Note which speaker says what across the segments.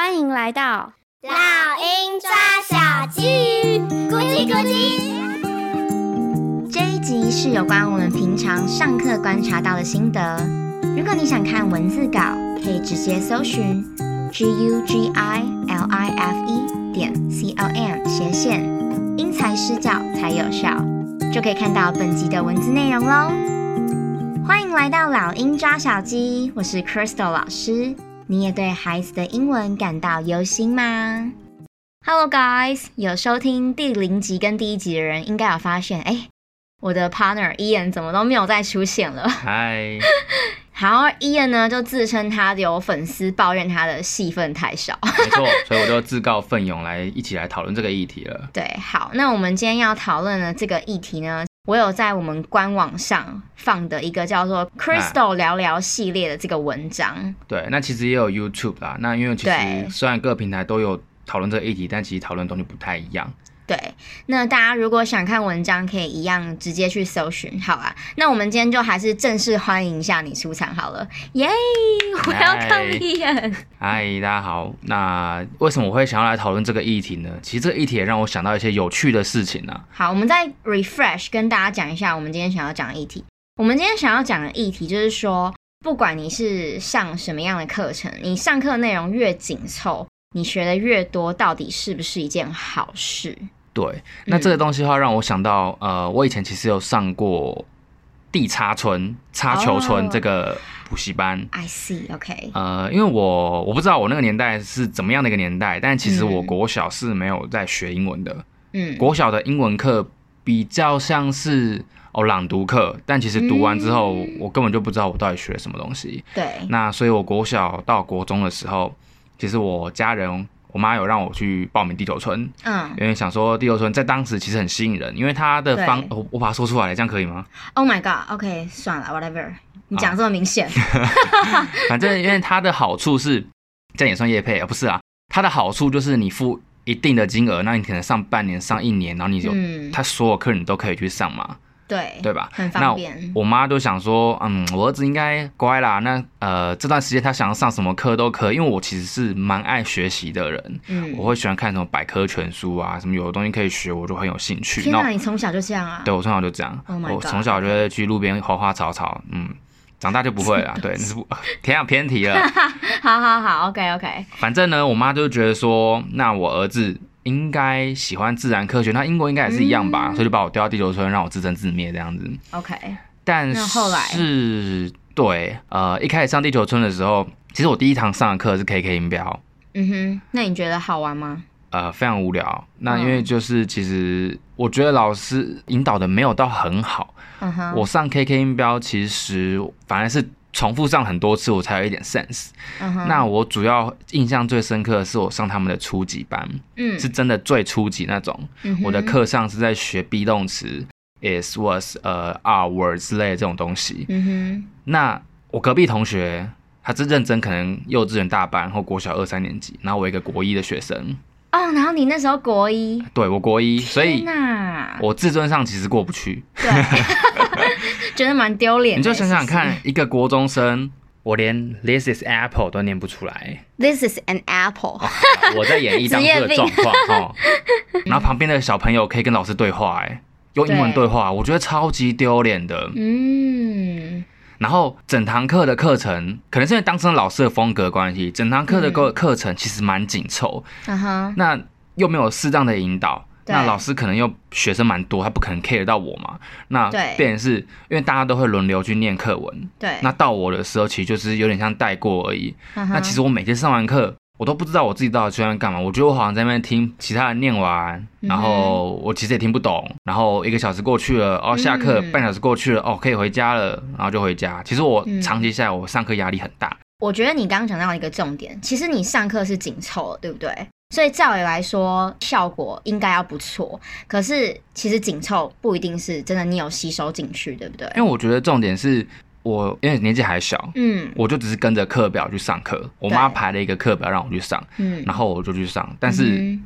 Speaker 1: 歡迎來到老英抓小雞，咕嘰咕嘰。這一集是有關我們平常上課觀察到的心得。如果你想看文字稿，可以直接搜尋 g u g i l i f e 點 c o m 斜線，因材施教才有效，就可以看到本集的文字內容嘍。歡迎來到老英抓小雞，我是 Crystal 老師。你也對孩子的英文感到憂心嗎？Hello guys，有收聽第零集跟第一集的人應該有發現，哎、欸，我的 partner Ian 怎麼都沒有再出現了。
Speaker 2: 嗨 Hi，
Speaker 1: 好，Ian 呢就自稱他有粉絲抱怨他的戲份太
Speaker 2: 少，沒錯，所以我就自告奮勇來一起來討論這個議題了。對，
Speaker 1: 好，那我們今天要討論的這個議題呢？我有在我們官網上放的一個叫做 Crystal 聊聊系列的這個文章。
Speaker 2: 對，那其實也有 YouTube 啦。那因為其實雖然各個平台都有討論這個議題，但其實討論東西不太一樣。
Speaker 1: 對，那大家如果想看文章，可以一樣直接去搜尋，好啊。那我們今天就還是正式歡迎一下你出場好了，耶！我要看一眼。
Speaker 2: 嗨，大家好。那為什麼我會想要來討論這個議題呢？其實這個議題也讓我想到一些有趣的事情呢、
Speaker 1: 啊。好，我們再 refresh 跟大家講一下，我們今天想要講的議題。我們今天想要講的議題就是說，不管你是上什麼樣的課程，你上課的內容越緊湊，你學的越多，到底是不是一件好事？
Speaker 2: 對，那這個東西的話，讓我想到，嗯、呃，我以前其實有上過地插村插球村這個補習班。Oh, I
Speaker 1: see, okay. 呃，
Speaker 2: 因為我我不知道我那個年代是怎麼樣的一個年代，但其實我國小是沒有在學英文的。嗯。國小的英文課比較像是哦朗讀課，但其實讀完之後，我根本就不知道我到底學了什麼東西。對、嗯。那所以，我國小到國中的時候，其實我家人。我媽有讓我去報名地球村，嗯，因為想說地球村在當時其實很吸引人，因為它的方，我對、哦、我把它說出來，這樣可以嗎
Speaker 1: ？Oh my god，OK，、okay, 算了，whatever，你講這麼明顯，
Speaker 2: 啊、 反正因為它的好處是，這樣 也算業配啊？不是啊，它的好處就是你付一定的金額，那你可能上半年、上一年，然後你有，嗯、它所有客人你都可以去上嘛。對對吧？很方便。那我媽都想說，嗯，我兒子應該乖啦。那呃，這段時間他想上什麼課都可以，因為我其實是蠻愛學習的人，嗯，我會喜歡看什麼百科全書啊，什麼有的東西可以學，我就很有興趣。天哪、啊，後你
Speaker 1: 從小就這樣啊？
Speaker 2: 對，我從小就這樣。Oh my God，我從小就會去路邊花花草草，嗯，長大就不會了。 的對，你是不，天啊，偏題
Speaker 1: 了。 好好好，OK OK。
Speaker 2: 反正呢，我媽就覺得說，那我兒子。應該喜歡自然科學，那英國應該也是一樣吧，嗯、所以就把我丟到地球村，讓我自生自滅這樣子。OK，但是，那後來。對，呃，一開始上地球村的時候，其實我第一堂上的課是 KK 音標。
Speaker 1: 嗯哼，那你覺得好玩嗎？
Speaker 2: 呃，非常無聊。那因為就是其實我覺得老師引導的沒有到很好。嗯哼，我上 KK 音標其實反而是。重複上很多次，我才有一點 sense，uh。Huh. 那我主要印象最深刻的是，我上他們的初級班，嗯，是真的最初級那種。Mm hmm. 我的課上是在學 be 動詞、mm hmm. is was uh our 之類的這種東西。Mm hmm. 那我隔壁同學，他是認真，可能幼稚園大班或國小二三年級，然後我一個國一的學生。
Speaker 1: Oh, 然後你那時候國一，
Speaker 2: 對，我國一，哪所以，我自尊上其實過不去，
Speaker 1: 覺得蠻丟臉。你
Speaker 2: 就想想看，是是一個國中生，我連 This is apple 都念不出來
Speaker 1: ，This is an apple，
Speaker 2: 我在演繹當時的狀況哈業、 哦。然後旁邊的小朋友可以跟老師對話，哎，用英文對話，對我覺得超級丟臉的。嗯。然後整堂課的課程，可能是因為當成老師的風格關係，整堂課的課課程其實蠻緊湊。嗯 uh huh、那又沒有適當的引導，對那老師可能又學生蠻多，他不可能 care 得到我嘛。那，變成是因為大家都會輪流去念課文。對那到我的時候，其實就是有點像帶過而已。Uh huh、那其實我每天上完課。我都不知道我自己到底在那邊幹嘛，我覺得我好像在那邊聽其他人念完，然後我其實也聽不懂。然後一個小時過去了，哦，下課，半小時過去了，哦，可以回家了，然後就回家。其實我長期下來，我上課壓力很大。
Speaker 1: 我覺得你剛剛講到一個重點，其實你上課是緊湊，對不對？所以照理來說，效果應該要不錯。可是其實緊湊不一定是真的，你有吸收進去，對不對？因為我
Speaker 2: 覺得重點是。我因為年紀還小，嗯，我就只是跟着課表去上課。對我媽排了一個課表讓我去上，嗯，然後我就去上，但是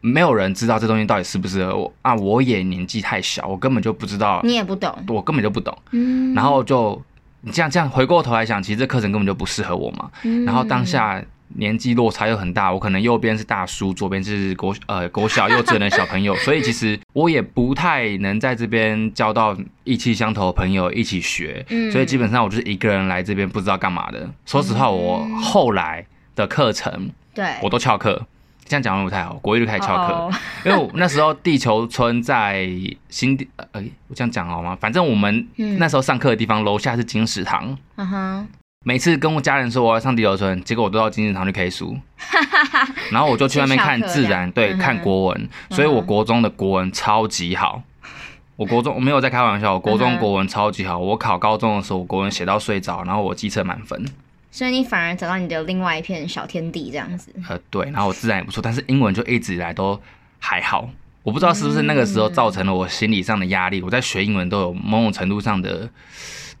Speaker 2: 沒有人知道這東西到底適不適合我，嗯，啊！我也年紀太小，我根本就不知道，你也不懂，我根本就不懂。嗯，然後就你這樣這樣回過頭來想，其實這課程根本就不適合我嘛。嗯，然後當下。年紀落差又很大，我可能右邊是大叔，左邊是國小呃，國小幼稚的小朋友， 所以其實我也不太能在這邊交到意氣相投的朋友一起學，嗯，所以基本上我就是一個人來這邊不知道幹嘛的。嗯、說實話，我後來的課程，嗯、課對，我都翹課。這樣講的不太好，國一就開始翹課，oh. 因為我那時候地球村在新地，欸、我這樣講好嗎？反正我們那時候上課的地方樓下是金石堂，嗯 uh huh. 每次跟我家人說我要上地球村，結果我都到金絲塘去 K 書，
Speaker 1: 然後我就去外面看自然，對，嗯、哼看國
Speaker 2: 文，所以我國中的國文超級好。嗯、哼我國中我沒有在開玩笑，我國中國文超級好。嗯、哼我考高中的時候，我國文寫到睡着，然後我基測滿分。
Speaker 1: 所以你反而找到你的另外一片小天地這樣子。
Speaker 2: 呃，對，然後我自然也不錯，但是英文就一直以來都還好。我不知道是不是那個時候造成了我心理上的壓力，嗯嗯，我在學英文都有某種程度上的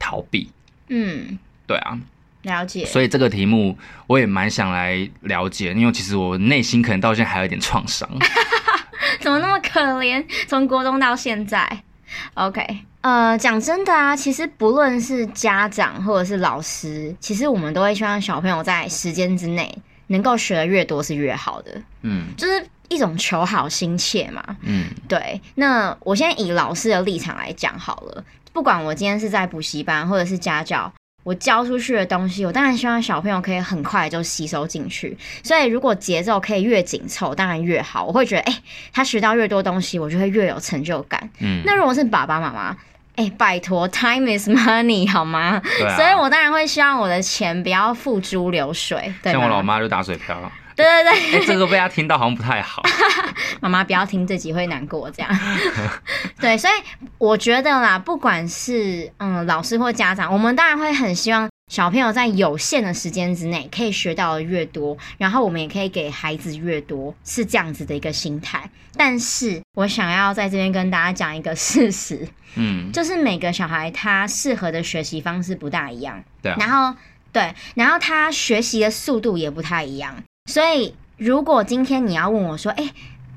Speaker 2: 逃避。嗯，對啊。
Speaker 1: 了解，所以
Speaker 2: 這個題目我也蠻想來了解，因為其實我內心可能到現在還有一點創傷。
Speaker 1: 怎麼那麼可憐？從國中到現在，OK，呃，講真的啊，其實不論是家長或者是老師，其實我們都會希望小朋友在時間之內能夠學得越多是越好的，嗯，就是一種求好心切嘛，嗯，對。那我先以老師的立場來講好了，不管我今天是在補習班或者是家教。我教出去的東西，我當然希望小朋友可以很快就吸收進去。所以，如果節奏可以越緊湊，當然越好。我會覺得，哎、欸，他學到越多東西，我就會越有成就感。嗯。那如果是爸爸媽媽，哎、欸，拜託，Time is money，好嗎？對啊。所以我當然會希望我的錢不要付諸流水。對，對，像我老
Speaker 2: 媽就打水漂了。
Speaker 1: 對對對、欸，這個都
Speaker 2: 被他聽到好像不太好。
Speaker 1: 媽媽 不要聽，自己會難過這樣。 對，所以我覺得啦，不管是嗯老師或家長，我們當然會很希望小朋友在有限的時間之內可以學到的越多，然後我們也可以給孩子越多，是這樣子的一個心態。但是我想要在這邊跟大家講一個事實，嗯，就是每個小孩他適合的學習方式不大一樣，對、啊，然後對，然後他學習的速度也不太一樣。所以，如果今天你要問我說，哎、欸，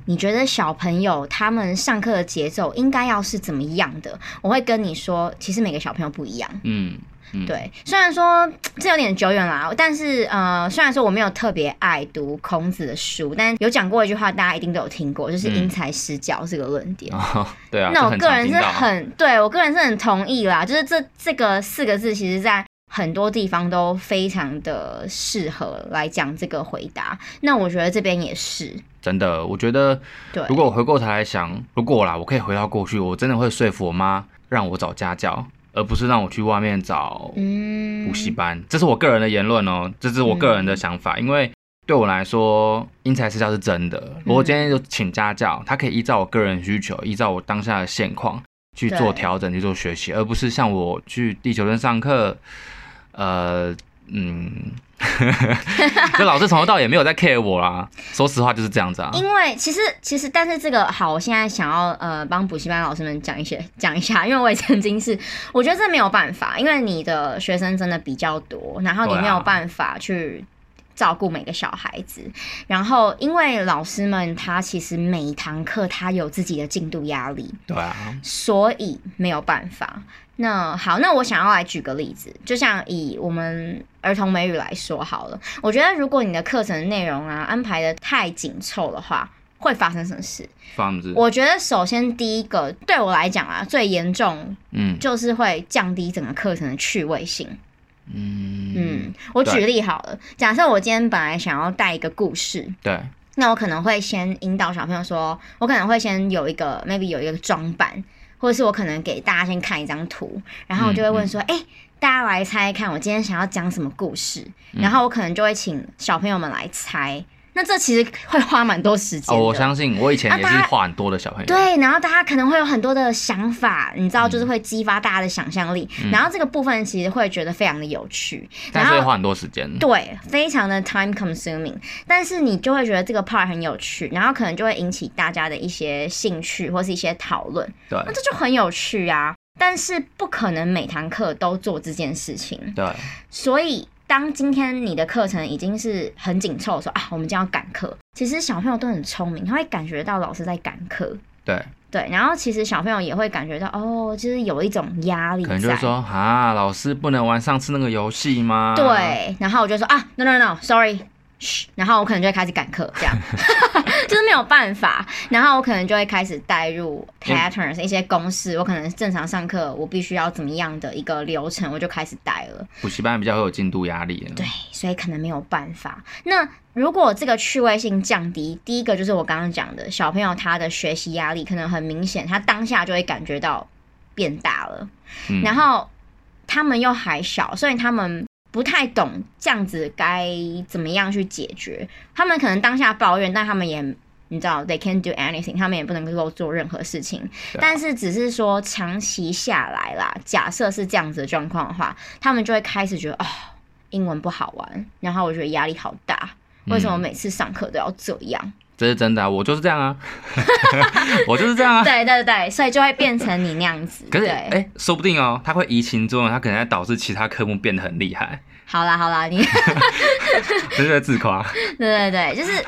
Speaker 1: 你覺得小朋友他們上課的節奏應該要是怎麼樣的？我會跟你說，其實每個小朋友不一樣。嗯，嗯對。雖然說這有點久遠啦，但是呃，雖然說我沒有特別愛讀孔子的書，但有講過一句話，大家一定都有聽過，就是“因材施教”這個論點、嗯哦。
Speaker 2: 對啊。那我個人是很，
Speaker 1: 對我個人是很同意啦。就是這這個四個字，其實在。很多地方都非常的適合來講這個回答，那我覺得這邊也是
Speaker 2: 真的。我覺得，如果我回過頭來想，對如果我啦，我可以回到過去，我真的會說服我媽讓我找家教，而不是讓我去外面找補習班。嗯、這是我個人的言論哦、喔，這是我個人的想法，嗯、因為對我來說，因材施教是真的。如果今天就請家教，嗯、他可以依照我個人需求，依照我當下的現況去做調整對去做學習，而不是像我去地球人上課。呃，嗯，
Speaker 1: 呵呵，就
Speaker 2: 老師從頭到尾也沒有在 care 我啦。 說實話就是這樣子啊。因
Speaker 1: 為其實其實，其實但是這個好，我現在想要呃幫補習班老師們講一些講一下，因為我也曾經是，我覺得這沒有辦法，因為你的學生真的比較多，然後你沒有辦法去照顧每個小孩子，啊、然後因為老師們他其實每一堂課他有自己的進度壓力，對啊，所以沒有辦法。那好，那我想要來舉個例子，就像以我們兒童美語來說好了。我覺得如果你的課程內容啊安排得太緊湊的話，會發生什麼事？發生
Speaker 2: 什麼？我覺
Speaker 1: 得首先第一個對我來講啊，最嚴重，嗯，就是會降低整個課程的趣味性。嗯嗯，我舉例好了，對假設我今天本來想要帶一個故事，
Speaker 2: 對，
Speaker 1: 那我可能會先引導小朋友說，我可能會先有一個 maybe 有一個裝扮。或者是我可能給大家先看一張圖，然後我就會問說：“哎、嗯嗯欸，大家來猜猜看，我今天想要講什麼故事？”然後我可能就會請小朋友們來猜。那這其實會花蠻多時間。哦，我相
Speaker 2: 信我以前也是花很多的小朋友、啊。
Speaker 1: 對，然後大家可能會有很多的想法，嗯、你知道，就是會激發大家的想象力。嗯、然後這個部分其實會覺得非常的有趣，嗯、然後但是會花
Speaker 2: 很多時間。對，
Speaker 1: 非常的 time consuming，但是你就會覺得這個 part 很有趣，然後可能就會引起大家的一些興趣或是一些討論。對，那、啊、這就很有趣啊！但是不可能每堂課都做這件事情。對，所以。當今天你的課程已經是很緊湊的時候，說啊，我們就要趕課。其實小朋友都很聰明，他會感覺到老師在趕課。
Speaker 2: 對
Speaker 1: 對，然後其實小朋友也會感覺到，哦，就是有一種壓力。可能就會說
Speaker 2: 啊，老師不能玩上次那個遊戲嗎？對，
Speaker 1: 然後我就說啊，no no no，sorry，噓，然後我可能就會開始趕課這樣。 就是沒有辦法，然後我可能就會開始帶入 patterns、欸、一些公式，我可能正常上課，我必須要怎麼樣的一個流程，我就開始帶
Speaker 2: 了。補習班比較會有進度壓力。對，
Speaker 1: 所以可能沒有辦法。那如果這個趣味性降低，第一個就是我剛剛講的，小朋友他的學習壓力可能很明顯，他當下就會感覺到變大了，嗯、然後他們又還小，所以他們。不太懂，這樣子該怎麼樣去解決他們可能當下抱怨，但他們也你知道，they can't do anything，他們也不能夠做任何事情。Yeah. 但是只是說長期下來啦，假設是這樣子的狀況的話，他們就會開始覺得哦，英文不好玩，然後我覺得壓力好大，為什麼每次上課都要這樣？嗯
Speaker 2: 這是真的，啊，我就是這樣啊， 我就是這樣啊。
Speaker 1: 對對對，所以就會變成你那樣子。對 是，
Speaker 2: 哎對、欸，說不定哦，他會移情作用，他可能在導致其他科目變得很厲害。
Speaker 1: 好啦好啦，你
Speaker 2: 哈這 是在自誇。
Speaker 1: 對對對，就是，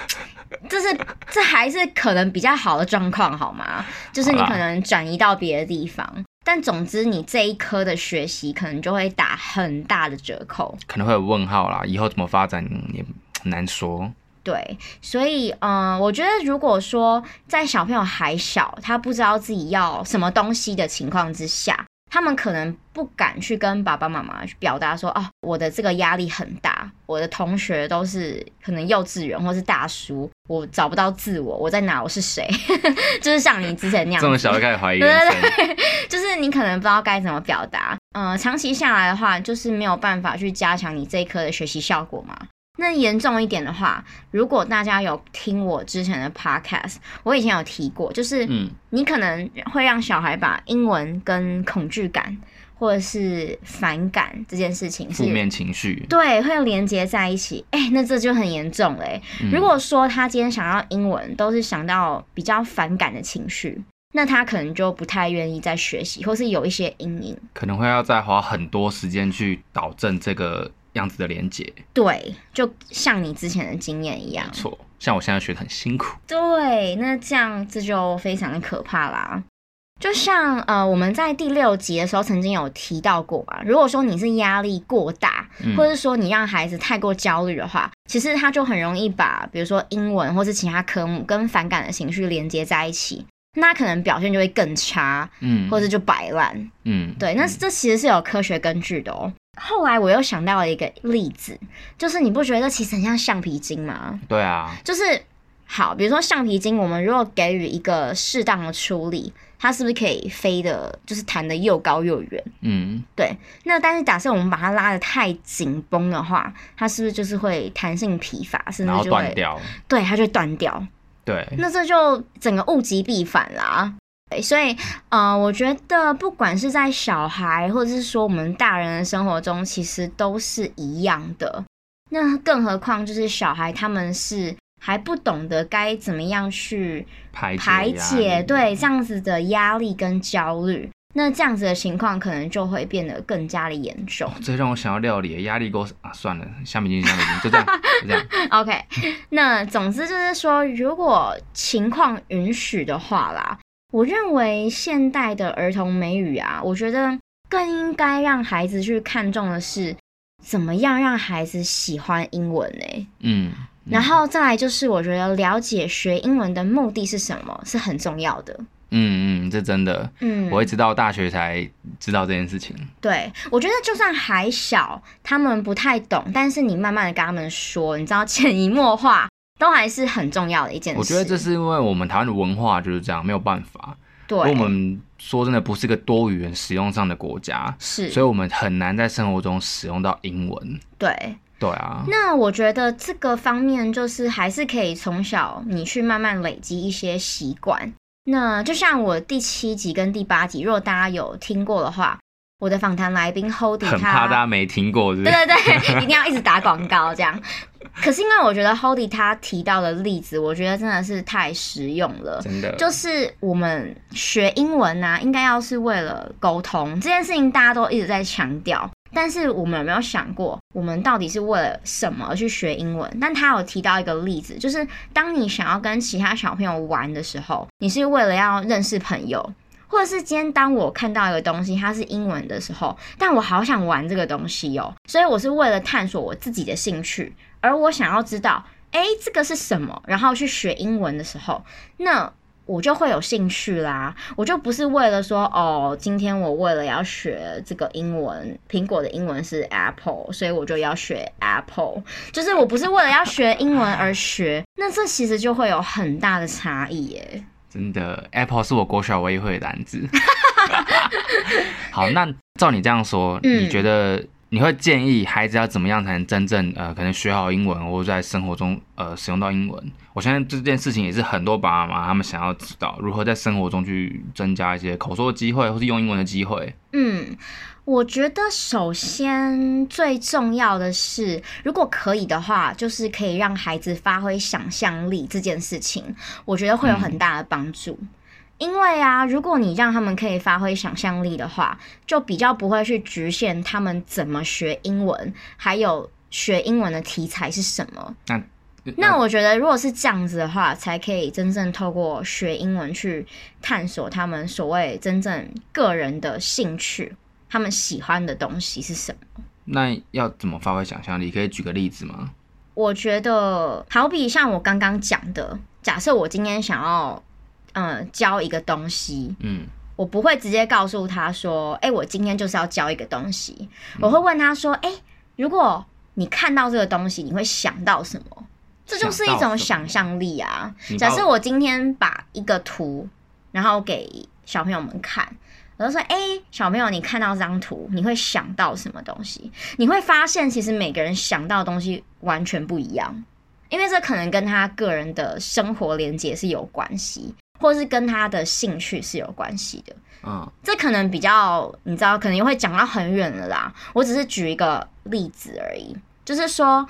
Speaker 1: 就是，這還是可能比較好的狀況好嗎？就是你可能轉移到別的地方，啦但總之你這一科的學習可能就會打很大的折扣，
Speaker 2: 可能會有問號啦，以後怎麼發展也難說。
Speaker 1: 對，所以，嗯、呃，我覺得如果說在小朋友還小，他不知道自己要什麼東西的情況之下，他們可能不敢去跟爸爸媽媽去表達說，哦，我的這個壓力很大，我的同學都是可能幼稚園或是大叔，我找不到自我，我在哪？我是誰？ 就是像你之前那樣，這麼小就開始懷疑人生。對對對，就是你可能不知道該怎麼表達，嗯、呃，長期下來的話，就是沒有辦法去加強你這一科的學習效果嘛。那嚴重一點的話，如果大家有聽我之前的 podcast，我以前有提過，就是你可能會讓小孩把英文跟恐懼感或者是反感這件事情負面情緒，對，會連接在一起。哎、欸，那這就很嚴重了、欸。如果說他今天想要英文，都是想到比較反感的情緒，那他可能就不太願意再學習，或是有一些陰影，
Speaker 2: 可能會要再花很多時間去導正這個。樣子的連接，
Speaker 1: 對，就像你之前的經驗一樣，錯，
Speaker 2: 像我現在學得很辛苦，
Speaker 1: 對，那這樣這就非常的可怕啦。就像呃，我們在第六集的時候曾經有提到過啊，如果說你是壓力過大，或者是說你讓孩子太過焦慮的話，嗯、其實他就很容易把比如說英文或是其他科目跟反感的情緒連接在一起。那可能表現就會更差，嗯，或者就擺爛，嗯，對。嗯、那這其實是有科學根據的哦、喔。後來我又想到了一個例子，就是你不覺得這其實很像橡皮筋嗎？對啊。就是好，比如說橡皮筋，我們如果給予一個適當的處理，它是不是可以飛得，就是彈得又高又遠？嗯，對。那但是假設我們把它拉得太緊繃的話，它是不是就是會彈性疲乏，甚至就會斷掉？對，它就會斷掉。對，那這就整個物極必反啦，所以，呃，我覺得不管是在小孩，或者是說我們大人的生活中，其實都是一樣的。那更何況就是小孩，他們是還不懂得該怎麼樣去排解排解，對這樣子的壓力跟焦慮。那這樣子的情況可能就會變得更加的嚴重。
Speaker 2: 哦，最讓我想要料理壓力鍋啊！算了，下面就這樣，就這
Speaker 1: 樣。OK，那總之就是說，如果情況允許的話啦，我認為現代的兒童美語啊，我覺得更應該讓孩子去看重的是怎麼樣讓孩子喜歡英文呢？欸，嗯，嗯，然後再來就是我覺得了解學英文的目的是什麼，是很重要的。
Speaker 2: 嗯嗯，這真的，嗯，我一直到大學才知道這件事情。
Speaker 1: 對，我覺得就算還小，他們不太懂，但是你慢慢的跟他們說，你知道，潛移默化都還是很重要的一件事。我覺得這
Speaker 2: 是因為我們台灣的文化就是這樣，沒有辦法。
Speaker 1: 對，因為我們
Speaker 2: 說真的不是一個多語言使用上的國家，是，所以我們很難在生活中使用到英文。對，對啊。那
Speaker 1: 我覺得這個方面就是還是可以從小你去慢慢累積一些習慣。那就像我第七集跟第八集，如果大家有聽過的話，我的訪談來賓 Holdy 他。很怕大家
Speaker 2: 沒聽過是不是？對對對，一定
Speaker 1: 要一直打廣告這樣。可是因為我覺得 Holdy 他提到的例子，我覺得真的是太實用了，真的，就是我們學英文啊，應該要是為了溝通這件事情，大家都一直在強調。但是我們有沒有想過，我們到底是為了什麼而去學英文？但他有提到一個例子，就是當你想要跟其他小朋友玩的時候，你是為了要認識朋友，或者是今天當我看到一個東西，它是英文的時候，但我好想玩這個東西哦，所以我是為了探索我自己的興趣，而我想要知道，誒，這個是什麼，然後去學英文的時候，那。我就會有興趣啦，我就不是為了說哦，今天我為了要學這個英文，蘋果的英文是 Apple，所以我就要學 Apple，就是我不是為了要學英文而學， 那這其實就會有很大的差異耶。
Speaker 2: 真的，Apple 是我國小唯一會的單字。 好，那照你這樣說，嗯、你覺得？你會建議孩子要怎麼樣才能真正呃，可能學好英文，或者在生活中呃使用到英文？我相信這件事情也是很多爸爸媽媽他們想要知道，如何在生活中去增加一些口說的機會，或是用英文的機會。
Speaker 1: 嗯，我覺得首先最重要的是，如果可以的話，就是可以讓孩子發揮想象力這件事情，我覺得會有很大的幫助。嗯因為啊，如果你讓他們可以發揮想象力的話，就比較不會去局限他們怎麼學英文，還有學英文的題材是什麼。那那，那我覺得，如果是這樣子的話，才可以真正透過學英文去探索他們所謂真正個人的興趣，他們喜歡的東西是什麼。
Speaker 2: 那要怎麼發揮想象力？可以舉個例子嗎？
Speaker 1: 我覺得，好比像我剛剛講的，假設我今天想要。嗯，教一個東西，嗯，我不會直接告訴他說，哎、欸，我今天就是要教一個東西，我會問他說，哎、嗯欸，如果你看到這個東西，你會想到什麼？
Speaker 2: 這就是一種想
Speaker 1: 象力啊。假設我今天把一個圖，然後給小朋友們看，我就說，哎、欸，小朋友，你看到這張圖，你會想到什麼東西？你會發現，其實每個人想到的東西完全不一樣，因為這可能跟他個人的生活連接是有關係。或是跟他的興趣是有關係的，嗯，這可能比較你知道，可能會講到很遠了啦。我只是舉一個例子而已，就是說，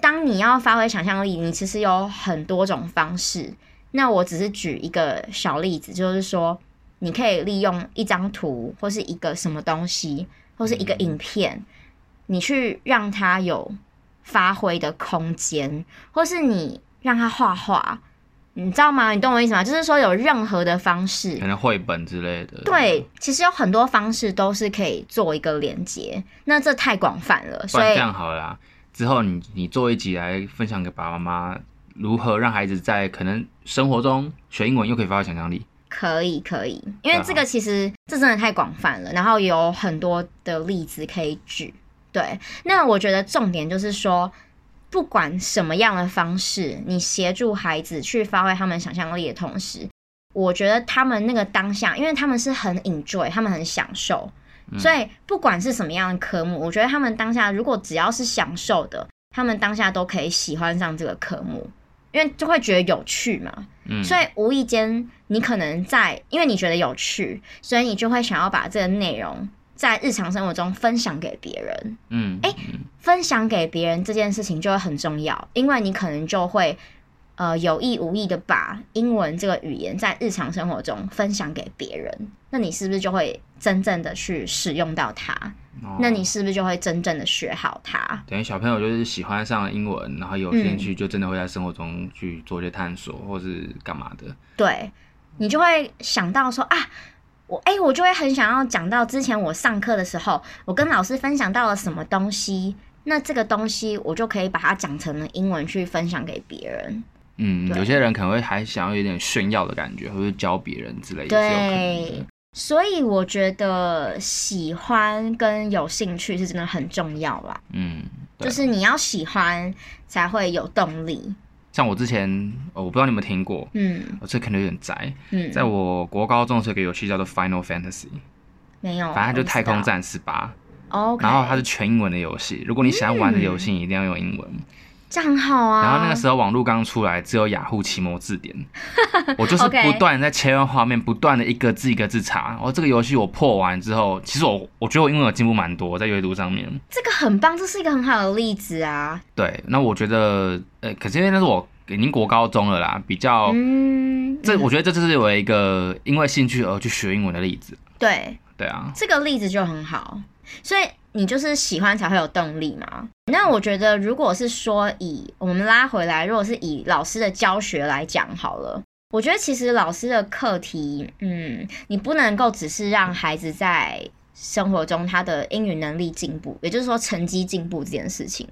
Speaker 1: 當你要發揮想象力你其實有很多種方式。那我只是舉一個小例子，就是說，你可以利用一張圖，或是一個什麼東西，或是一個影片，你去讓他有發揮的空間，或是你讓他畫畫。你知道嗎？你懂我意思嗎？就是說，有任何的方式，可
Speaker 2: 能繪本之類的。對，
Speaker 1: 其實有很多方式都是可以做一個連接。那這太廣泛了，所以這樣
Speaker 2: 好了啦。之後你你做一集來分享給爸爸媽媽，如何讓孩子在可能生活中學英文又可以發揮想象力？
Speaker 1: 可以可以，因為這個其實這真的太廣泛了，嗯、然後有很多的例子可以舉。對，那我覺得重點就是說。不管什麼樣的方式，你協助孩子去發揮他們想象力的同時，我覺得他們那個當下，因為他們是很 enjoy，他們很享受，所以不管是什麼樣的科目，我覺得他們當下如果只要是享受的，他們當下都可以喜歡上這個科目，因為就會覺得有趣嘛。所以無意間，你可能在，因為你覺得有趣，所以你就會想要把這個內容。在日常生活中分享給別人，嗯，哎、欸，嗯、分享給別人這件事情就會很重要，因為你可能就會呃有意無意的把英文這個語言在日常生活中分享給別人，那你是不是就會真正的去使用到它？哦、那你是不是就會真正的學好它？
Speaker 2: 等於小朋友就是喜歡上英文，然後有興趣，嗯、就真的會在生活中去做些探索，或是幹嘛的。
Speaker 1: 對，你就會想到說啊。我哎、欸，我就會很想要講到之前我上課的時候，我跟老師分享到了什麼東西，那這個東西我就可以把它講成了英文去分享給別人。嗯，
Speaker 2: 對有些人可能會還想要有點炫耀的感覺，或者教別人之類的。對，
Speaker 1: 所以我覺得喜歡跟有興趣是真的很重要啦。
Speaker 2: 嗯，就是
Speaker 1: 你要喜歡才會有動力。
Speaker 2: 像我之前、哦，我不知道你們有沒有聽過，嗯，我、哦、這可能有點宅。嗯、在我國高中有一個遊戲叫做《Final Fantasy》，沒有，反正它就是太空戰士吧。
Speaker 1: 哦，然後它
Speaker 2: 是全英文的遊戲，嗯、如果你想要玩的遊戲，一定要用英文。嗯
Speaker 1: 這樣很好啊，然後那個時
Speaker 2: 候網絡剛出來，只有雅虎、奇摩字典
Speaker 1: Okay，我就是不斷
Speaker 2: 在切換畫面，不斷的一個字一個字查。我、哦、這個遊戲我破完之後，其實我我覺得我英文有進步蠻多在閱讀上面。
Speaker 1: 這個很棒，這是一個很好的例子啊。
Speaker 2: 對，那我覺得呃、欸，可是因為那是我已經國高中了啦，比較，嗯、這我覺得這就是有一個因為興趣而去學英文的例子。對，對啊，
Speaker 1: 這個例子就很好，所以。你就是喜歡才會有動力嘛？那我覺得，如果是說以我們拉回來，如果是以老師的教學來講好了，我覺得其實老師的課題，嗯，你不能夠只是讓孩子在生活中他的英語能力進步，也就是說成績進步這件事情。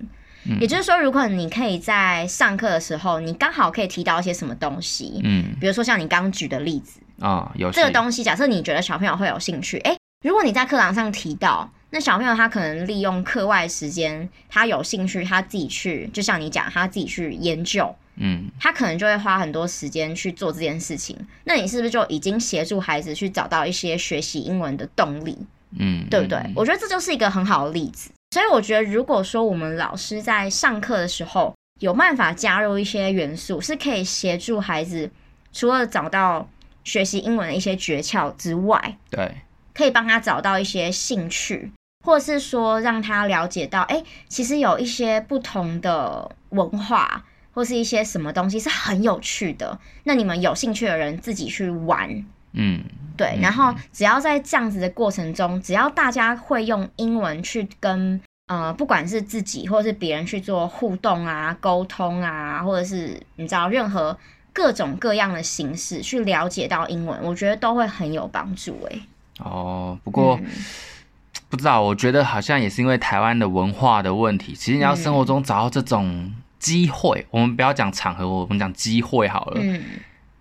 Speaker 1: 嗯，也就是說，如果你可以在上課的時候，你剛好可以提到一些什麼東西，嗯，比如說像你剛舉的例子
Speaker 2: 啊，有，哦，這個東
Speaker 1: 西，假設你覺得小朋友會有興趣，哎，欸，如果你在課堂上提到。那小朋友他可能利用課外時間，他有興趣，他自己去，就像你講，他自己去研究，嗯，他可能就會花很多時間去做這件事情。那你是不是就已經協助孩子去找到一些學習英文的動力？嗯，對不對？我覺得這就是一個很好的例子。所以我覺得，如果說我們老師在上課的時候有辦法加入一些元素，是可以協助孩子除了找到學習英文的一些訣竅之外，對，可以幫他找到一些興趣。或者是說讓他了解到，哎、欸，其實有一些不同的文化，或是一些什麼東西是很有趣的。那你們有興趣的人自己去玩，嗯，對。嗯嗯，然後只要在這樣子的過程中，只要大家會用英文去跟呃，不管是自己或是別人去做互動啊、溝通啊，或者是你知道任何各種各樣的形式去了解到英文，我覺得都會很有幫助、欸。
Speaker 2: 哎，哦，不過、嗯。不知道，我覺得好像也是因為台灣的文化的問題。其實你要生活中找到這種機會，嗯，我們不要講場合，我們講機會好了。嗯，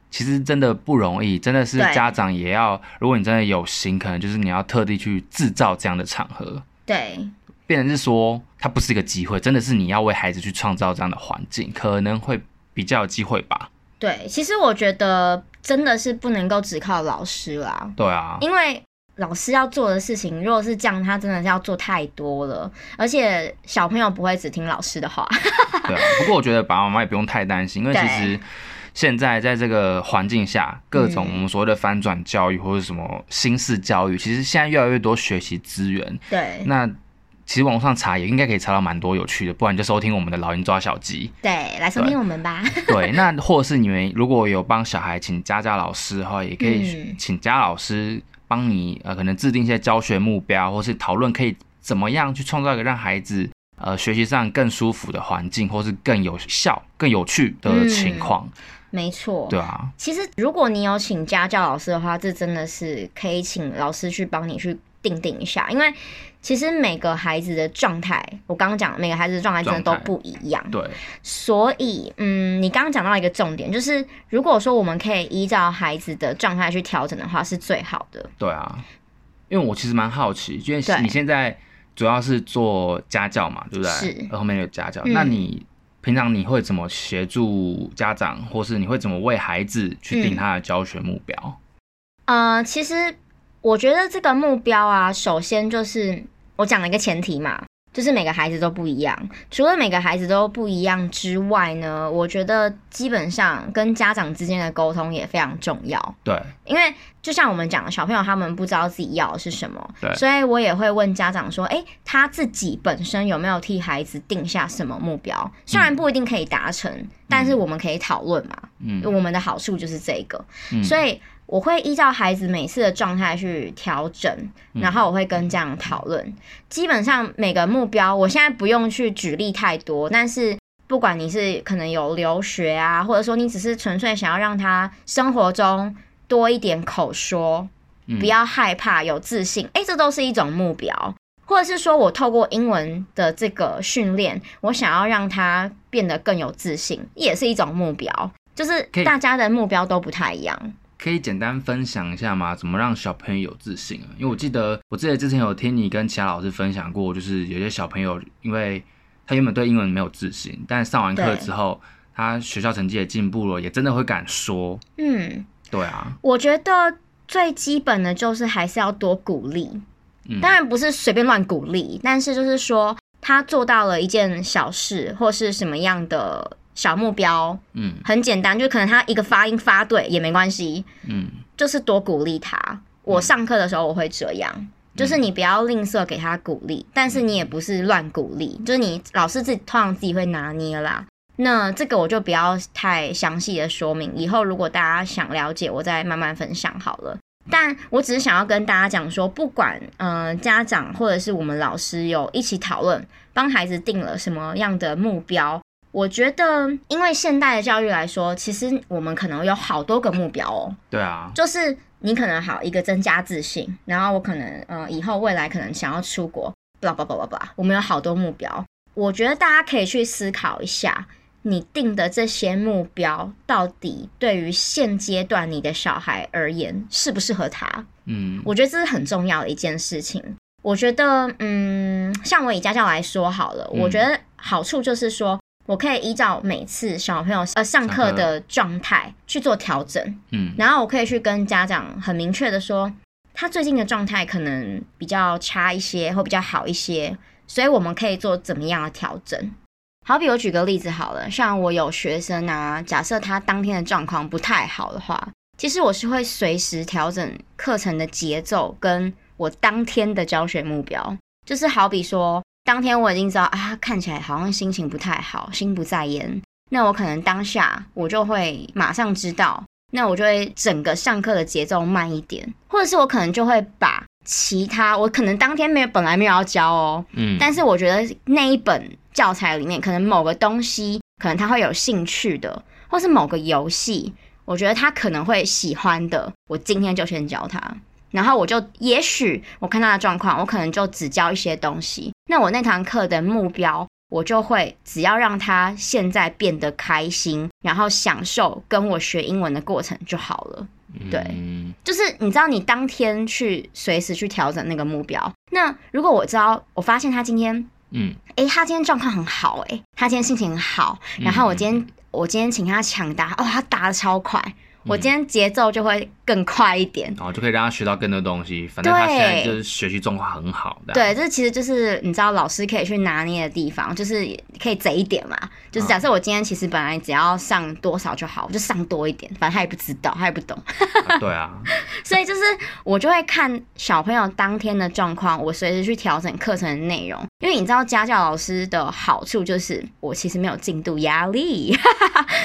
Speaker 2: 其實真的不容易，真的是家長也要。對如果你真的有心，可能就是你要特地去製造這樣的場合。對，變成是說它不是一個機會，真的是你要為孩子去創造這樣的環境，可能會比較有機會吧。
Speaker 1: 對，其實我覺得真的是不能夠只靠老師啦。對啊，因為。老師要做的事情，如果是這樣，他真的是要做太多了。而且小朋友不會只聽老師的話。 對、
Speaker 2: 啊，不過我覺得爸爸媽媽也不用太擔心，因為其實現在在這個環境下，各種所謂的翻轉教育或者什麼新式教育，嗯、其實現在越來越多學習資源。對。那其實網上查也應該可以查到蠻多有趣的，不然就收聽我們的《老英抓小雞》。
Speaker 1: 對，來收聽我們吧。對， 對，
Speaker 2: 那或者是你們如果有幫小孩請家教老師的話，也可以、嗯、請家老師。幫你呃，可能制定一些教學目標，或是討論可以怎麼樣去創造一個讓孩子呃學習上更舒服的環境，或是更有效、更有趣的情況。
Speaker 1: 嗯，沒錯，對啊。其實如果你有請家教老師的話，這真的是可以請老師去幫你去。定定一下，因為其實每個孩子的狀態，我剛剛講每個孩子的狀態真的都不一樣，對。所以，嗯，你剛剛講到一個重點，就是如果說我們可以依照孩子的狀態去調整的話，是最好的。
Speaker 2: 對啊，因為我其實蠻好奇，就是你現在主要是做家教嘛，對不對？是。後面有家教，是那你平常你會怎麼協助家長，嗯、或是你會怎麼為孩子去定他的教學目標？嗯、
Speaker 1: 呃，其實。我覺得這個目標啊，首先就是我講了一個前提嘛，就是每個孩子都不一樣。除了每個孩子都不一樣之外呢，我覺得基本上跟家長之間的溝通也非常重要。對，因為就像我們講的小朋友他們不知道自己要的是什麼，對所以我也會問家長說：“哎、欸，他自己本身有沒有替孩子定下什麼目標？雖然不一定可以達成，嗯、但是我們可以討論嘛。嗯，我們的好處就是這個，嗯、所以。”我會依照孩子每次的狀態去調整，然後我會跟家長討論。嗯、基本上每個目標，我現在不用去舉例太多，但是不管你是可能有留學啊，或者說你只是純粹想要讓他生活中多一點口說，嗯、不要害怕，有自信，哎，這都是一種目標，或者是說我透過英文的這個訓練，我想要讓他變得更有自信，也是一種目標。就是大家的目標都不太一樣。
Speaker 2: 可以簡單分享一下嗎？怎麼讓小朋友有自信啊？因為我記得我自己之前有聽你跟其他老師分享過，就是有些小朋友，因為他原本對英文沒有自信，但上完課之後，對他學校成績也進步了，也真的會敢說。
Speaker 1: 嗯，對啊，我覺得最基本的就是還是要多鼓勵。嗯，當然不是隨便亂鼓勵，但是就是說他做到了一件小事或是什麼樣的。小目標，嗯，很簡單，就可能他一個發音發對也沒關係，嗯，就是多鼓勵他。我上課的時候我會這樣，嗯、就是你不要吝嗇給他鼓勵，但是你也不是亂鼓勵，嗯、就是你老師自己通常自己會拿捏了啦。那這個我就不要太詳細的說明，以後如果大家想了解，我再慢慢分享好了。但我只是想要跟大家講說，不管嗯、呃、家長或者是我們老師有一起討論，幫孩子定了什麼樣的目標。我覺得，因為現代的教育來說，其實我們可能有好多個目標哦。
Speaker 2: 對啊，就
Speaker 1: 是你可能好一個增加自信，然後我可能嗯、呃，以後未來可能想要出國，巴拉巴拉巴拉巴拉，我們有好多目標。我覺得大家可以去思考一下，你定的這些目標到底對於現階段你的小孩而言適不適合他嗯，我覺得這是很重要的一件事情。我覺得，嗯，像我以家教來說好了，嗯、我覺得好處就是說，我可以依照每次小朋友呃上課的狀態去做調整，嗯，然後我可以去跟家長很明確的說，他最近的狀態可能比較差一些，或比較好一些，所以我們可以做怎麼樣的調整。好比我舉個例子好了，像我有學生啊，假設他當天的狀況不太好的話，其實我是會隨時調整課程的節奏，跟我當天的教學目標，就是好比說。當天我已經知道啊，看起來好像心情不太好，心不在焉。那我可能當下我就會馬上知道，那我就會整個上課的節奏慢一點，或者是我可能就會把其他，我可能當天沒有，本來沒有要教哦，嗯，但是我覺得那一本教材裡面，可能某個東西，可能他會有興趣的，或是某個遊戲，我覺得他可能會喜歡的，我今天就先教他。然後我就，也許我看他的狀況，我可能就只教一些東西。那我那堂課的目標，我就會只要讓他現在變得開心，然後享受跟我學英文的過程就好了。對，嗯、就是你知道，你當天去隨時去調整那個目標。那如果我知道，我發現他今天，嗯，誒他今天狀況很好、欸，誒他今天心情很好。然後我今天，嗯、我今天請他搶答，哦，他答得超快。我今天節奏就會更快一點，然
Speaker 2: 後、嗯哦、就可以讓他學到更多東西。反正他現在就是學習狀況很好的。對，樣對，這
Speaker 1: 其實就是你知道老師可以去拿捏的地方，就是可以賊一點嘛。就是假設我今天其實本來只要上多少就好，我、哦、就上多一點，反正他也不知道，他也不懂啊。對啊， 所以就是我就會看小朋友當天的狀況，我隨時去調整課程內容。因為你知道家教老師的好處就是我其實沒有進度壓力，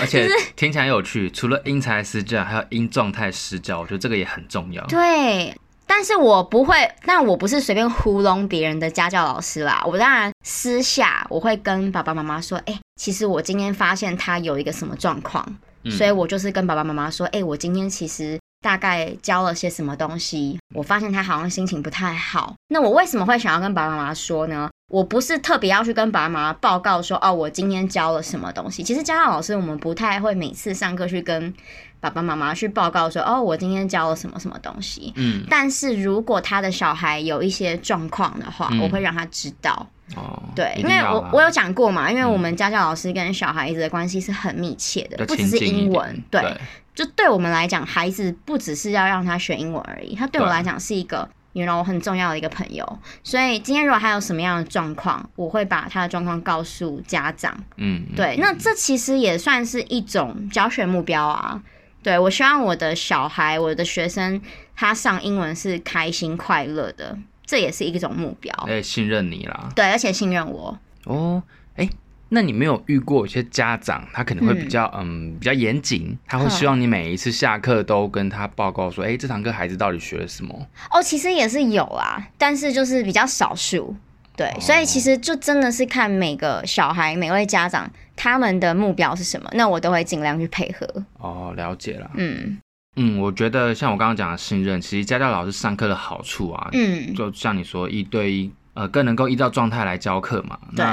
Speaker 2: 而且、 就是、聽起來很有趣。除了因材施。這樣還要因狀態施教，我覺得這個也很重要。
Speaker 1: 對，但是我不會，但我不是隨便糊弄別人的家教老師啦。我當然私下我會跟爸爸媽媽說，哎、欸，其實我今天發現他有一個什麼狀況，嗯、所以我就是跟爸爸媽媽說，哎、欸，我今天其實。大概教了些什麼東西？我發現他好像心情不太好。那我為什麼會想要跟爸爸媽媽說呢？我不是特別要去跟爸爸媽媽報告說哦，我今天教了什麼東西。其實家教老師我們不太會每次上課去跟爸爸媽媽去報告說哦，我今天教了什麼什麼東西。嗯，但是如果他的小孩有一些狀況的話，嗯，我會讓他知道。哦，對，因為我我有講過嘛，因為我們家教老師跟小孩子的關係是很密切的，不只是英文，對。對就對我們來講，孩子不只是要讓他學英文而已，他對我來講是一個對，you know 很重要的一個朋友。所以今天如果他有什麼樣的狀況，我會把他的狀況告訴家長。嗯，對。嗯、那這其實也算是一種教學目標啊。對，我希望我的小孩、我的學生，他上英文是開心快樂的，這也是一種目標。
Speaker 2: 哎、欸，信任你啦。
Speaker 1: 對，而且信任我。
Speaker 2: 哦，哎、欸。那你沒有遇過有些家長，他可能會比較嗯，嗯比較嚴謹，他會希望你每一次下課都跟他報告說，哎、嗯欸，這堂課孩子到底學了什麼？
Speaker 1: 哦，其實也是有啊，但是就是比較少數，對，哦、所以其實就真的是看每個小孩、每位家長他們的目標是什麼，那我都會盡量去配合。
Speaker 2: 哦，了解了，嗯嗯，我覺得像我剛剛講的信任，其實家教老師上課的好處啊，嗯，就像你說一對一。呃，更能夠依照狀態來教課嘛？
Speaker 1: 對，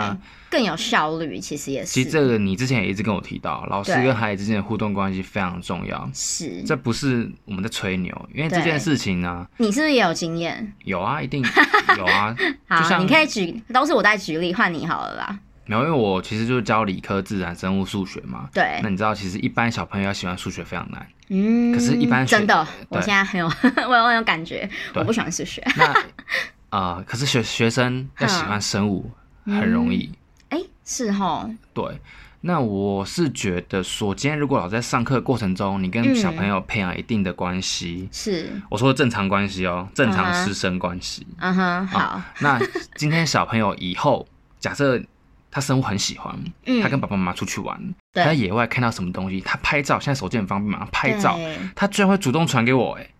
Speaker 1: 更有效率，其實也是。其實這個
Speaker 2: 你之前也一直跟我提到，老師跟孩子之間的互動關係非常重要。是。這不是我們在吹牛，因為這件事情呢，
Speaker 1: 你是不是也有經驗？
Speaker 2: 有啊，一定有
Speaker 1: 啊。好，你可以舉，都是我在舉例，換你好了吧？
Speaker 2: 沒有，因為我其實就是教理科，自然、生物、數學嘛。對。那你知道，其實一般小朋友要喜歡數學非常難。
Speaker 1: 嗯。可是一般。真的，我現在很有，我有很有感覺，我不喜歡數學。
Speaker 2: 啊、呃，可是學學生要喜歡生物、嗯、很容易，
Speaker 1: 哎、欸，是哈。
Speaker 2: 對，那我是覺得說，今天如果老師在上課過程中，你跟小朋友培養一定的關係、嗯，是，我說正常關係哦、喔，正常師生關係。
Speaker 1: 啊哈、嗯嗯嗯。好、啊。那
Speaker 2: 今天小朋友以後，假設他生物很喜歡，嗯、他跟爸爸媽媽出去玩，對他在野外看到什麼東西，他拍照，現在手機很方便嘛，拍照，嘿他居然會主動傳給我、欸，哎。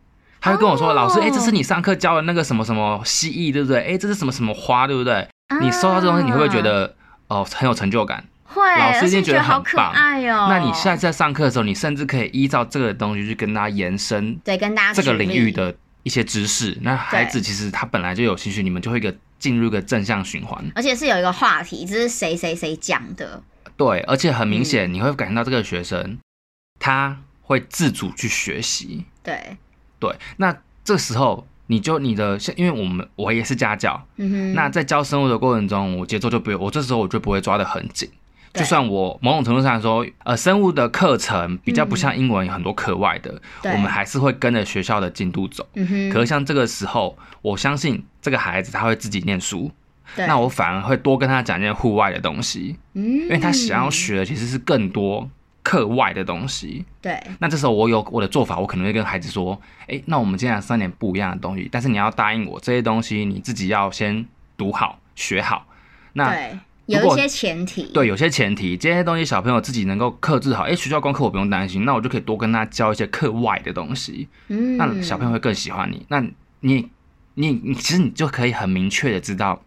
Speaker 2: 他就跟我說：“ oh, 老師，哎、欸，這是你上課教的那個什麼什麼蜥蜴，對不對？哎、欸，這是什麼什麼花，對不對？Ah, 你收到這東西，你會不會覺得哦、呃、很有成就感？
Speaker 1: 會，老師已經覺，覺得好可愛、哦、那你下次
Speaker 2: 在上課的時候，你甚至可以依照這個東西去跟他延伸，
Speaker 1: 對，跟大家這個領域的
Speaker 2: 一些知識。那孩子其實他本來就有興趣，你們就會一個進入一個正向循環。而
Speaker 1: 且是有一個話題，這是誰誰誰講的？
Speaker 2: 對，而且很明顯你會感覺到這個學生、嗯、他會自主去學習。對。”對，那這時候你就你的像，因為我們我也是家教，嗯哼，那在教生物的過程中，我節奏就不會，我這時候我就不會抓得很緊，對就算我某種程度上來說，呃，生物的課程比較不像英文有很多課外的，嗯、哼我們還是會跟着學校的進度走，嗯哼對。可是像這個時候，我相信這個孩子他會自己念書，對那我反而會多跟他講一些戶外的東西，嗯，因為他想要學的其實是更多。課外的東西，對，那這時候我有我的做法，我可能會跟孩子說，誒、欸，那我們今天來上點不一樣的東西，但是你要答應我，這些東西你自己要先讀好、學好。那對果有一些
Speaker 1: 前提，對，
Speaker 2: 有些前提，這些東西小朋友自己能夠克制好，誒、欸，學校功課我不用擔心，那我就可以多跟他教一些課外的東西，嗯，那小朋友會更喜歡你，那你，你，你，你其實你就可以很明確的知道，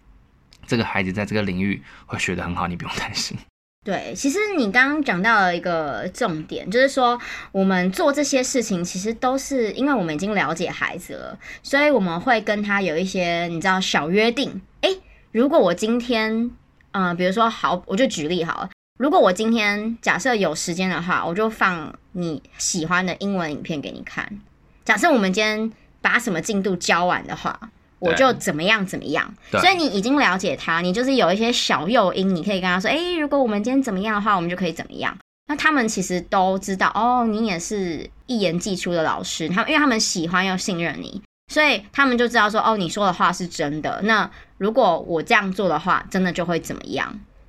Speaker 2: 這個孩子在這個領域會學得很好，你不用擔心。
Speaker 1: 對，其實你剛剛講到了一個重點，就是說我們做這些事情，其實都是因為我們已經了解孩子了，所以我們會跟他有一些你知道小約定。哎，如果我今天，嗯、呃，比如說好，我就舉例好了，如果我今天假設有時間的話，我就放你喜歡的英文影片給你看。假設我們今天把什麼進度交完的話。我就怎麼樣怎麼樣，對所以你已經了解他，你就是有一些小誘因，你可以跟他說：“誒，如果我們今天怎麼樣的話，我們就可以怎麼樣。”那他們其實都知道哦，你也是一言既出的老師，他因為他們喜歡又信任你，所以他們就知道說：“哦，你說的話是真的。”那如果我這樣做的話，真的就會怎麼樣？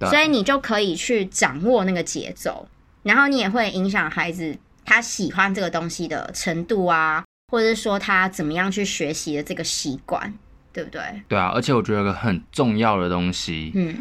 Speaker 1: 所以你就可以去掌握那個節奏，然後你也會影響孩子他喜歡這個東西的程度啊。或者是說他怎麼樣去學習的這個習慣，對不對？
Speaker 2: 對啊，而且我覺得有個很重要的東西，
Speaker 1: 嗯，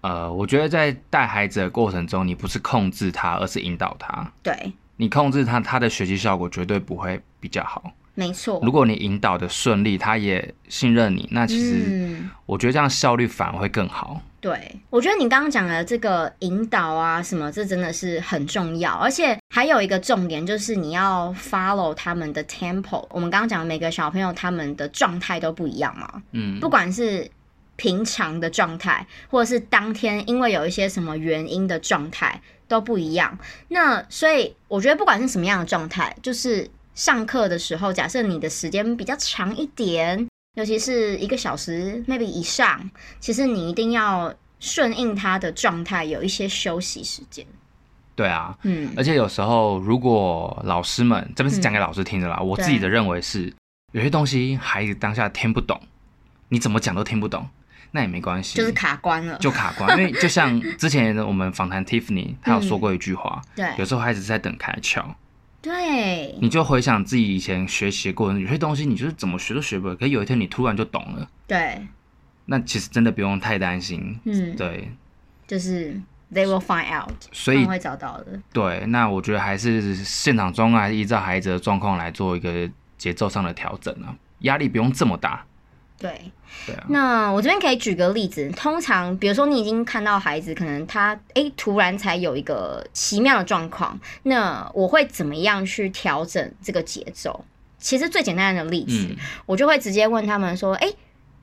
Speaker 2: 呃，我覺得在帶孩子的過程中，你不是控制他，而是引導他。對，你控制他，他的學習效果絕對不會比較好。
Speaker 1: 沒錯，如果
Speaker 2: 你引導的順利，他也信任你，那其實我覺得這樣效率反而會更好。嗯、
Speaker 1: 對我覺得你剛剛講的這個引導啊，什麼，這真的是很重要，而且。還有一個重點就是你要 follow 他們的 tempo。我們剛剛講每個小朋友他們的狀態都不一樣嘛，嗯，不管是平常的狀態，或者是當天因為有一些什麼原因的狀態都不一樣。那所以我覺得不管是什麼樣的狀態，就是上課的時候，假設你的時間比較長一點，尤其是一個小時 maybe 以上，其實你一定要順應他的狀態，有一些休息時間。
Speaker 2: 對啊，嗯，而且有時候如果老師們這邊是講給老師聽的啦，我自己的認為是，有些東西孩子當下聽不懂，你怎麼講都聽不懂，那也沒關係，就是卡
Speaker 1: 關了，就卡關。因為就像
Speaker 2: 之前我們訪談 Tiffany，她有說過一句話，對，有時候孩子是在等開竅，對，你就回想自己以前學習過的有些東西你就是怎麼學都學不會，可有一天你突然就懂了，對，那其實真的不用太擔心，嗯，對，
Speaker 1: 就是。They will find out，所以會找到的。
Speaker 2: 對，那我覺得還是現場狀況還是依照孩子的狀況來做一個節奏上的調整啊，壓力不用這麼大。對。對啊。
Speaker 1: 那我這邊可以舉個例子，通常比如說你已經看到孩子，可能他哎、欸、突然才有一個奇妙的狀況，那我會怎麼樣去調整這個節奏？其實最簡單的例子，嗯、我就會直接問他們說，哎、欸。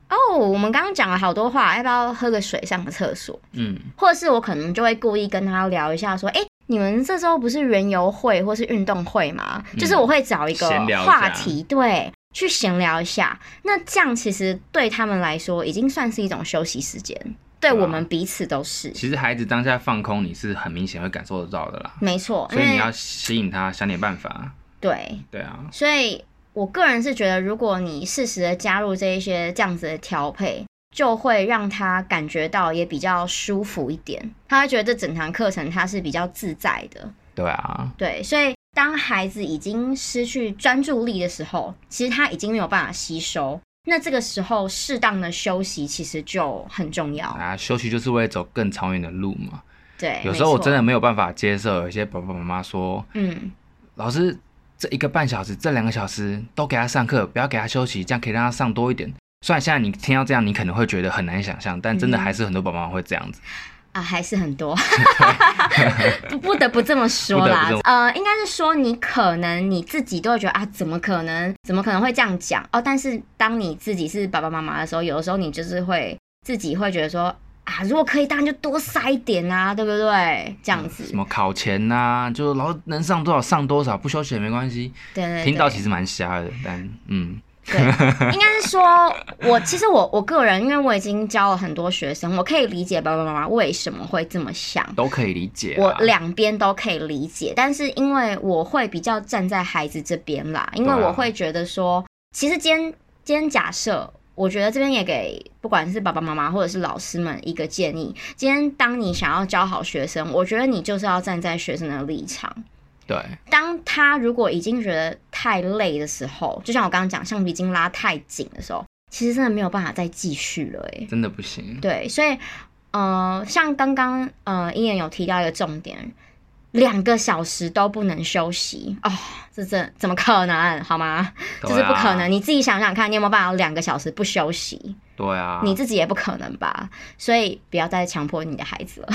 Speaker 1: 哦，oh, 我們剛剛講了好多話，要不要喝個水，上個廁所？嗯，或者是我可能就會故意跟他聊一下，說，哎，你們這周不是園遊會或是運動會嗎？嗯、就是我會找一個話題，對，去閒聊一下。那這樣其實對他們來說，已經算是一種休息時間，對吧？對我們彼此都
Speaker 2: 是。其實孩子當下放空，你是很明顯會感受得到的啦。
Speaker 1: 沒錯，所以你要
Speaker 2: 吸引他，想點辦法。嗯、對，對啊，
Speaker 1: 所以。我個人是覺得，如果你適時的加入這一些這樣子的調配，就會讓他感覺到也比較舒服一點，他會覺得這整堂課程他是比較自在的。
Speaker 2: 對啊，
Speaker 1: 對，所以當孩子已經失去專注力的時候，其實他已經沒有辦法吸收。那這個時候適當的休息其實就很重要
Speaker 2: 啊。休息就是為了走更長遠的路嘛。
Speaker 1: 對，有時候我真的沒
Speaker 2: 有辦法接受，沒錯。有些爸爸媽媽說，嗯，老師。這一個半小時，這兩個小時都給他上課，不要給他休息，這樣可以讓他上多一點。雖然現在你聽到這樣，你可能會覺得很難想象，但真的還是很多爸爸媽媽會這樣子、嗯、
Speaker 1: 啊，還是很多， 不得不這麼說啦。不不 呃，應該是說你可能你自己都會覺得啊，怎麼可能，怎麼可能會這樣講哦？但是當你自己是爸爸媽媽的時候，有的時候你就是會自己會覺得說。啊，如果可以，當然就多塞一點啊，對不對？這樣子，嗯、什
Speaker 2: 麼考前吶、啊，就然後能上多少上多少，不休息也沒關係。對對對，聽到其實蠻瞎的，但嗯，對，應
Speaker 1: 該是說， 我其實我我個人，因為我已經教了很多學生，我可以理解爸爸媽媽為什麼會這麼想，
Speaker 2: 都可以理解、啊，我
Speaker 1: 兩邊都可以理解，但是因為我會比較站在孩子這邊啦，因為我會覺得說，啊、其實今天今天假設。我覺得這邊也給不管是爸爸媽媽或者是老師們一個建議，今天當你想要教好學生，我覺得你就是要站在學生的立場。
Speaker 2: 對，
Speaker 1: 當他如果已經覺得太累的時候，就像我剛剛講橡皮筋拉太緊的時候，其實真的沒有辦法再繼續了耶，哎，
Speaker 2: 真的不行。
Speaker 1: 對，所以，呃，像剛剛呃伊人有提到一個重點。兩個小時都不能休息哦，這這怎麼可能，好嗎？
Speaker 2: 這是不可能，你
Speaker 1: 自己想想看，你有沒有辦法兩個小時不休息？
Speaker 2: 對啊，你自己也不
Speaker 1: 可能吧？所以不要再強迫你的孩
Speaker 2: 子了。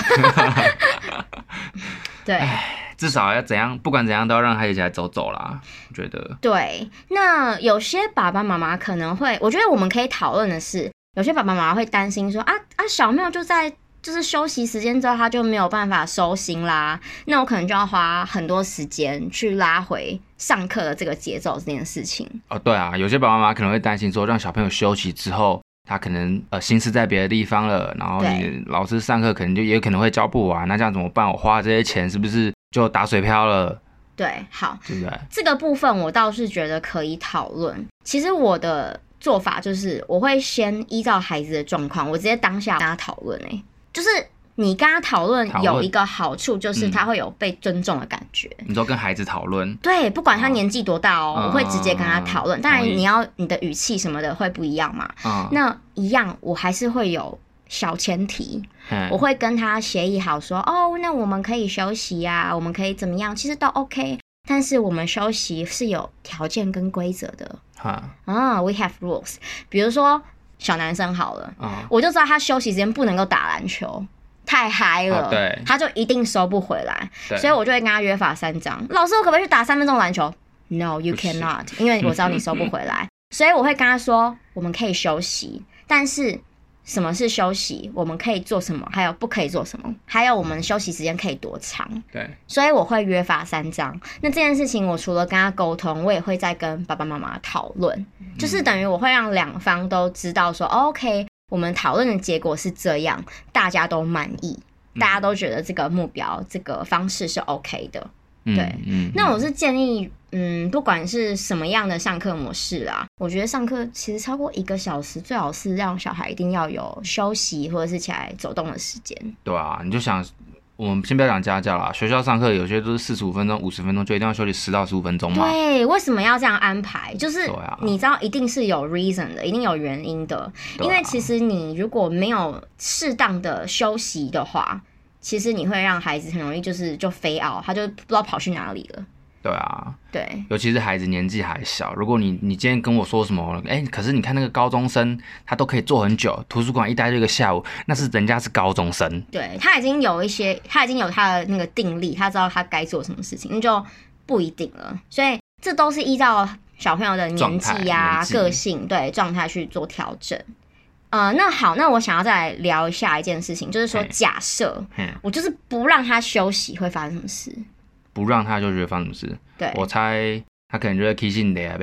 Speaker 1: 對 ，
Speaker 2: 至少要怎樣？不管怎樣，都要讓孩子起來走走啦。我覺得，
Speaker 1: 對。那有些爸爸媽媽可能會，我覺得我們可以討論的是，有些爸爸媽媽會擔心說啊啊，啊小妙就在。就是休息時間之後，他就沒有辦法收心啦。那我可能就要花很多時間去拉回上課的這個節奏這件事情。
Speaker 2: 哦，對啊，有些爸爸媽媽可能會擔心說，讓小朋友休息之後，他可能呃心思在別的地方了，然後你老師上課可能就對也可能會教不完，那這樣怎麼辦？我花這些錢是不是就打水漂了？
Speaker 1: 對，好，對不對？這個部分我倒是覺得可以討論。其實我的做法就是，我會先依照孩子的狀況，我直接當下跟他討論誒。就是你跟他討論有一個好處，就是他會有被尊重的感覺。
Speaker 2: 你說跟孩子討論，
Speaker 1: 對，不管他年紀多大哦，我會直接跟他討論。當然，你要你的語氣什麼的會不一樣嘛。那一樣，我還是會有小前提，我會跟他協議好說，哦，那我們可以休息呀、啊，我們可以怎麼樣，其實都 OK。但是我們休息是有條件跟規則的。啊，啊，we have rules。比如說，小男生好了，嗯、我就知道他休息時間不能夠打籃球，太嗨了，啊、對、他就一定收不回來，對所以我就會跟他約法三章。老師，我可不可以去打三分鐘籃球？No，you cannot，是因為我知道你收不回來， 所以我會跟他說，我們可以休息，但是。什麼是休息？我們可以做什麼？還有不可以做什麼？還有我們休息時間可以多長？對，所以我會約法三章。那這件事情，我除了跟他溝通，我也會再跟爸爸媽媽討論，嗯、就是等於我會讓兩方都知道說、哦、OK，我們討論的結果是這樣，大家都滿意，大家都覺得這個目標、嗯、這個方式是 OK 的。對嗯，嗯，那我是建議，嗯，嗯，不管是什麼樣的上課模式啊，我覺得上課其實超過一個小時，最好是讓小孩一定要有休息或者是起來走動的時間，
Speaker 2: 對啊，你就想，我們先不要講家教啦。學校上課有些都是四十五分鐘、五十分鐘，就一定要休息十到十五分鐘嘛。
Speaker 1: 對，為什麼要這樣安排？就是，你知道一定是有 reason 的，一定有原因的，啊，因為其實你如果沒有適當的休息的話，其實你會讓孩子很容易就是就飛跑，他就不知道跑去哪裡了。
Speaker 2: 對啊，對，尤其是孩子年紀還小，如果你你今天跟我說什麼，哎、欸，可是你看那個高中生，他都可以坐很久，圖書館一待這個下午，那是人家是高中生。對，
Speaker 1: 他已經有一些，他已經有他的那個定力，他知道他該做什麼事情，那就不一定了。所以這都是依照小朋友的年紀呀、啊、狀態、年紀，個性對狀態去做調整。呃，那好，那我想要再聊一下一件事情，就是說，假設我就是不讓他休息，會發生什麼事？嘿就
Speaker 2: 是不讓他休息會發生什麼事？麼事。對，我猜他可能就會 kiss in t 啊，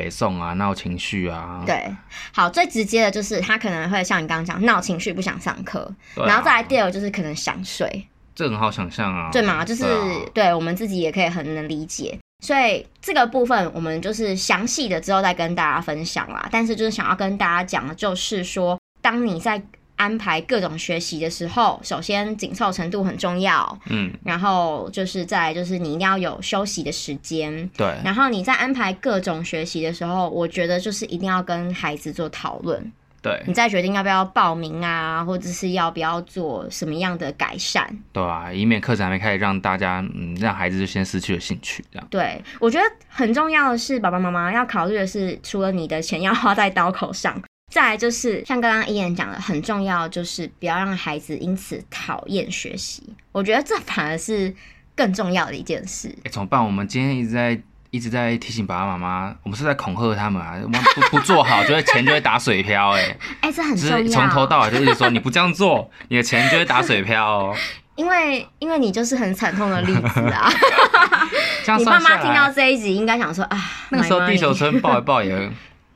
Speaker 2: 鬧情緒啊。對，
Speaker 1: 好，最直接的就是他可能會像你剛剛講鬧情緒，不想上課，啊、然後再來第二 a 就是可能想睡，
Speaker 2: 這很好想象啊。對嗎？就是對、
Speaker 1: 啊、對我們自己也可以很能理解，所以這個部分我們就是詳細的之後再跟大家分享啦。但是就是想要跟大家講的就是說。當你在安排各種學習的時候，首先緊湊程度很重要，嗯，然後就是再就是你一定要有休息的時間，對。然後你在安排各種學習的時候，我覺得就是一定要跟孩子做討論，
Speaker 2: 對。你再
Speaker 1: 決定要不要報名啊，或者是要不要做什麼樣的改善，
Speaker 2: 對啊，以免課程還沒開始，讓大家嗯讓孩子就先失去了興趣，這樣。
Speaker 1: 對我覺得很重要的是，爸爸媽媽要考慮的是，除了你的錢要花在刀口上。再來就是像剛剛伊人講的，很重要就是不要讓孩子因此討厭學習。我覺得這反而是更重要的一件事。
Speaker 2: 哎、欸，怎麼辦？我們今天一直在一直在提醒爸爸媽媽，我們是在恐嚇他們啊！我們不不做好，就會 錢就會打水漂、欸。哎哎、欸，這很重要。從頭到尾就是說，你不這樣做， 你的錢就會打水漂、喔。
Speaker 1: 因為因為你就是很慘痛的例子啊！ 你爸媽聽到這一集，應該想說啊，那個時候地球村報一
Speaker 2: 報也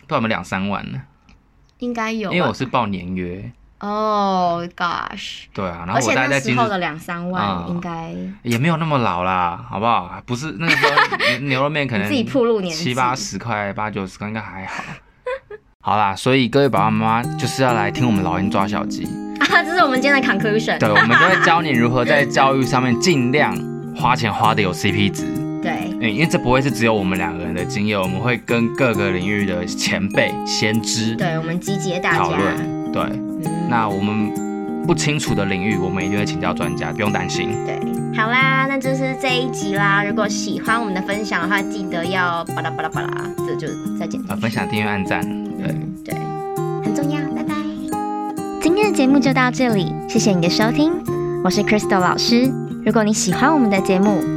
Speaker 2: 報我們兩三萬呢。
Speaker 1: 應該有，因為我是報年約。Oh gosh！
Speaker 2: 對啊，然後我在，而且那時候的兩三萬、嗯、應該該也沒有那麼老啦，好不好？不是那個時候牛肉面可能自己鋪路年七八十塊八九十塊，應該還好。 好啦，所以各位爸爸媽媽就是要來聽我們老英抓小雞
Speaker 1: 啊！ 這是我們今天的 conclusion。 對，我們就會教你如何在
Speaker 2: 教育上面盡量花錢花的有 CP 值。因為這不會是只有我們兩個人的經驗，我們會跟各個領域的前輩、先知，哦、對，
Speaker 1: 我們集結大家討論。
Speaker 2: 對，嗯、那我們不清楚的領域，我們一定會請教專家，不用擔心。對，
Speaker 1: 好啦，那就是這一集啦。如果喜歡我們的分享的話，記得要巴拉巴拉巴拉，這就再見。
Speaker 2: 分享、訂閱、按讚，對、嗯、對，
Speaker 1: 很重要。拜拜，今天的節目就到這裡，謝謝你的收聽，我是 Crystal 老師。如果你喜歡我們的節目，